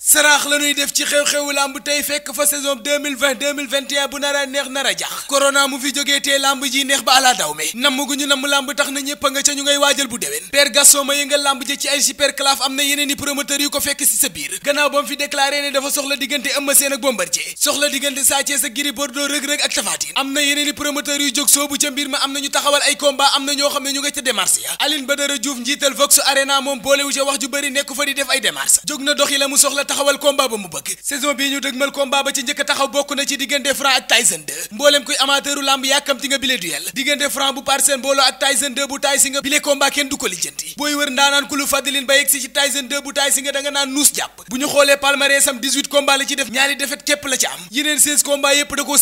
saraax la ñuy def ci xew-xewu lamb tey fekk fa saison 2020 2021 bu nara neex nara jax corona mu fi jógee tee lamb ji neex ba ala daw me gu ñu namm lamb tax na ñëpp nga ca ñu ngay waajal bu déwén père Gaston ma yëngal lamb ji ci ay super claf am na yeneen i yu ko fekk si sa biir gannaaw ba mu fi déclaré ne dafa soxla diggante Eumeu Sène ak Bombardier soxla diggante Sa Thiès ak Gris Bordeaux rëg-rëg ak Tapha am na yeneen i yu jóg soobu ca ñoo xam ne ñu nga ca démarche ya Aline Badara wax bëri nekku fa di def ay démarche jóg taxawal combat ba mu bëgg saison bii ñu dëgmal combat ba ci njëkk taxaw bokk na ci diggante Franc ak Tyson 2 mbooleem kuy amateuru làmb yàkkamti nga bile duel diggante Franc bu Parcelles Mbooloo ak Tyson 2 bu Tay bile combat kenn du ko lijjanti booy wër ndaanaan ku lu fàddilin si ci Tyson 2 bu Tay Shinger naan nuus jàpp bu ñu xoolee palmarès am 18 la ci def ñaari defet képp la ci am yeneen 16 combat yépp da koo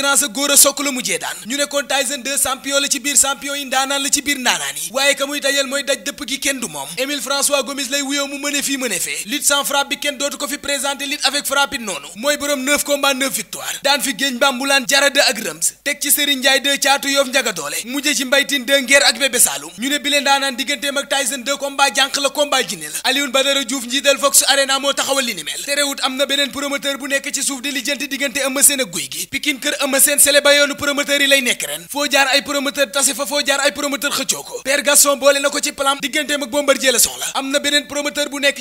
ay ndam ko la mujjee daan ñu ne kon Tyson 2 champion la ci biir champion yi ndaanaan la ci biir ndaanaan yi waaye ka muy dajal mooy daj dëpp gi kenn du moom Émile François Gomis lay wuyoo mu mëne fii mëne fee lutte sans frappe bi kenn dootu ko fi présenté lutte avec frappe noonu mooy boroom 9 combats victoire daan fi géeñ bambulaan jarada ak rëms teg ci Serigne Ndiaye 2 caatu yoof njaga doole mujje ci mbaytin 2 ngeer ak bébé ñu ne bile ndaanaan digganteem la soxla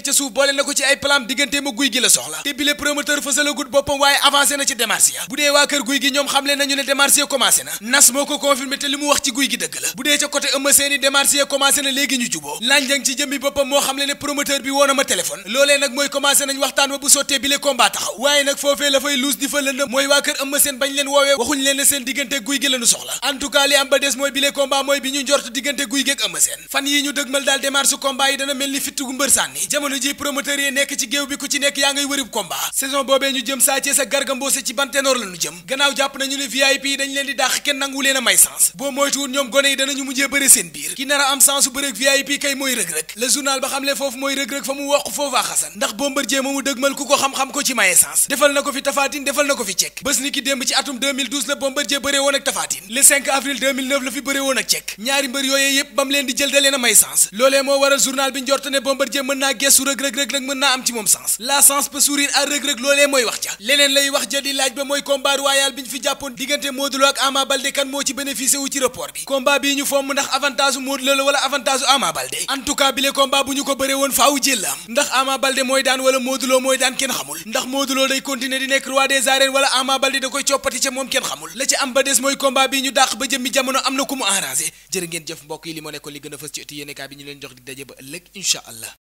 am ko ci ay plan digganteem ak guy gi la soxla te bile promoteur fësalagut boppam waaye avancé na ci démarche ya bu dee waa kër guy gi ñoom xamle nañu ne démarche ya commencé na nas moo ko confirmé te li mu wax ci guy gi dëgg la bu dee ca côté Eumeu Sène démarche ya commencé na léegi ñu juboo lanjang ci jëmmi boppam moo xamle ne promoteur bi woona ma téléphone loolee nag mooy commencé nañ waxtaan ba bu sottee bile combat taxaw waaye nag foofee la fay luus di fa lëndëm mooy waa kër Eumeu Sène bañ leen woowee waxuñ leen ne seen diggante guy gi lañu soxla en li am ba des mooy bile combat mooy bi ñu njort diggante guy gi ak Eumeu fan yi ñu dëgmal daal démarche su yi dana mel ni fittugu mbër sànni jamono ji promoteur yi nekk ci géew bi ku ci nekk yaa ngay wërib combat saison boobee ñu jëm saa sa Garga ci ban ténor lañu jëm gannaaw jàpp nañu ne VIP yi dañ leen di dàq kenn nangu leen may sens boo moytuwul ñoom gone yi danañu mujjee bëre seen biir ba mu leen da diggante Modou ak Ama Baldé kan moo ci bénéficié ci report bi combat bii ñu fomm ndax avantage u la wala avantage u Ama Baldé en tout bu ñu ko bëree woon jël la ndax Ama Baldé mooy daan wala Modou mooy daan kenn xamul ndax Modou day continuer di nekk roi des arènes wala Ama Baldé da koy coppati ca moom kenn xamul la ca am ba des mooy combat bi ñu dàq ba jëmmi jamono am na ku mu arrangé jërë ngeen jëf mbokk yi li moo nekk li gën a fës ci ëtti yéenekaay bi ñu leen jox di daje ba ëllëg incha allah